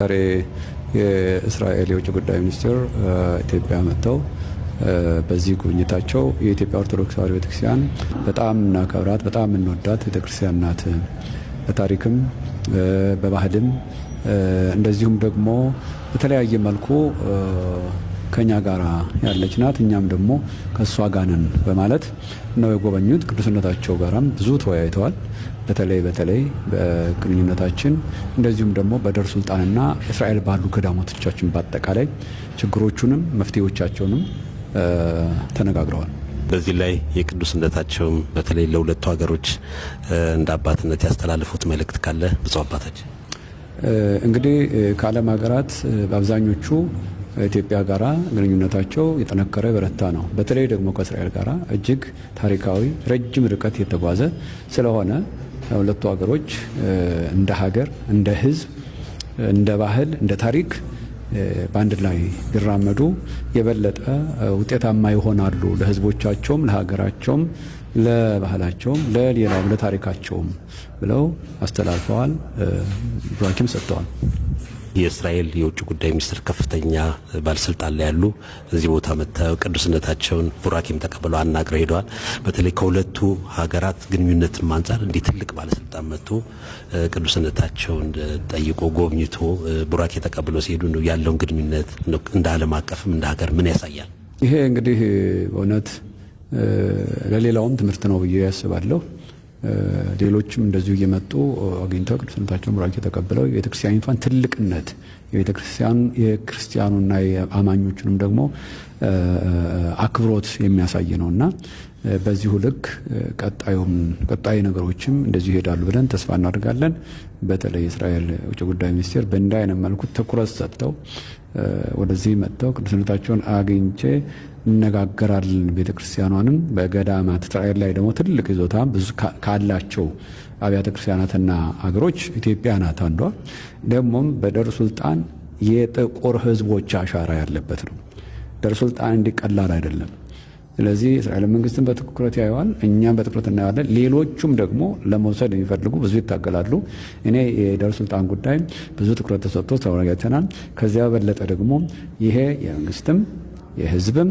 ዛሬ የእስራኤል የውጭ ጉዳይ ሚኒስትር ኢትዮጵያ መጥተው በዚህ ጉብኝታቸው የኢትዮጵያ ኦርቶዶክስ ተዋሕዶ ቤተክርስቲያን በጣም እናከብራት፣ በጣም እንወዳት ቤተክርስቲያን ናት። በታሪክም በባህልም እንደዚሁም ደግሞ በተለያየ መልኩ ከኛ ጋር ያለች ናት፣ እኛም ደግሞ ከእሷ ጋር ነን በማለት ነው የጎበኙት። ቅዱስነታቸው ጋራም ብዙ ተወያይተዋል። በተለይ በተለይ በግንኙነታችን እንደዚሁም ደግሞ በደር ሱልጣንና እስራኤል ባሉ ገዳሞቶቻችን በአጠቃላይ ችግሮቹንም መፍትሄዎቻቸውንም ተነጋግረዋል። በዚህ ላይ የቅዱስነታቸውም በተለይ ለሁለቱ ሀገሮች እንደ አባትነት ያስተላልፉት መልእክት ካለ ብፁዕ አባታችን እንግዲህ ከዓለም ሀገራት በአብዛኞቹ ኢትዮጵያ ጋራ ግንኙነታቸው የጠነከረ በረታ ነው። በተለይ ደግሞ ከእስራኤል ጋራ እጅግ ታሪካዊ ረጅም ርቀት የተጓዘ ስለሆነ ሁለቱ ሀገሮች እንደ ሀገር፣ እንደ ህዝብ እንደ ባህል፣ እንደ ታሪክ በአንድ ላይ ቢራመዱ የበለጠ ውጤታማ ይሆናሉ። ለህዝቦቻቸውም፣ ለሀገራቸውም፣ ለባህላቸውም፣ ለሌላውም፣ ለታሪካቸውም ብለው አስተላልፈዋል፣ ቡራኬም ሰጥተዋል። የእስራኤል የውጭ ጉዳይ ሚኒስትር ከፍተኛ ባለስልጣን ላይ ያሉ እዚህ ቦታ መጥተው ቅዱስነታቸውን ቡራኬም ተቀብለው አናግረ ሄደዋል። በተለይ ከሁለቱ ሀገራት ግንኙነትም አንጻር እንዲህ ትልቅ ባለስልጣን መጥቶ ቅዱስነታቸውን ጠይቆ ጎብኝቶ ቡራኬ ተቀብሎ ሲሄዱ ነው ያለውን ግንኙነት እንደ ዓለም አቀፍም እንደ ሀገር ምን ያሳያል? ይሄ እንግዲህ በእውነት ለሌላውም ትምህርት ነው ብዬ ያስባለሁ። ሌሎችም እንደዚሁ እየመጡ አግኝተው ቅዱስነታቸውን ቡራኬ ተቀብለው የቤተክርስቲያኒቷን ትልቅነት የቤተክርስቲያን የክርስቲያኑና የአማኞቹንም ደግሞ አክብሮት የሚያሳይ ነው እና በዚሁ ልክ ቀጣይ ነገሮችም እንደዚሁ ይሄዳሉ ብለን ተስፋ እናደርጋለን። በተለይ የእስራኤል ውጭ ጉዳይ ሚኒስቴር በእንዳይነ መልኩ ትኩረት ሰጥተው ወደዚህ መጥተው ቅዱስነታቸውን አግኝቼ እነጋገራለን። ቤተ ክርስቲያኗንም በገዳማት እስራኤል ላይ ደግሞ ትልቅ ይዞታ ብዙ ካላቸው አብያተ ክርስቲያናትና አገሮች ኢትዮጵያ ናት አንዷ። ደግሞም በደር ሱልጣን የጥቁር ሕዝቦች አሻራ ያለበት ነው። ደር ሱልጣን እንዲቀላል አይደለም። ስለዚህ እስራኤል መንግስትን በትኩረት ያየዋል፣ እኛም በትኩረት እናየዋለን። ሌሎቹም ደግሞ ለመውሰድ የሚፈልጉ ብዙ ይታገላሉ። እኔ የደር ሱልጣን ጉዳይ ብዙ ትኩረት ተሰጥቶ ተወያይተናል። ከዚያ በበለጠ ደግሞ ይሄ የመንግስትም የህዝብም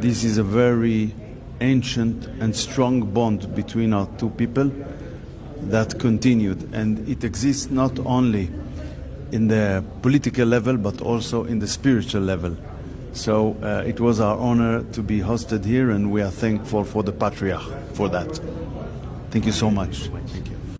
This is a very ancient and strong bond between our two people that continued, and it exists not only in the political level but also in the spiritual level. So uh, it was our honor to be hosted here, and we are thankful for the Patriarch for that. Thank you so much. Thank you.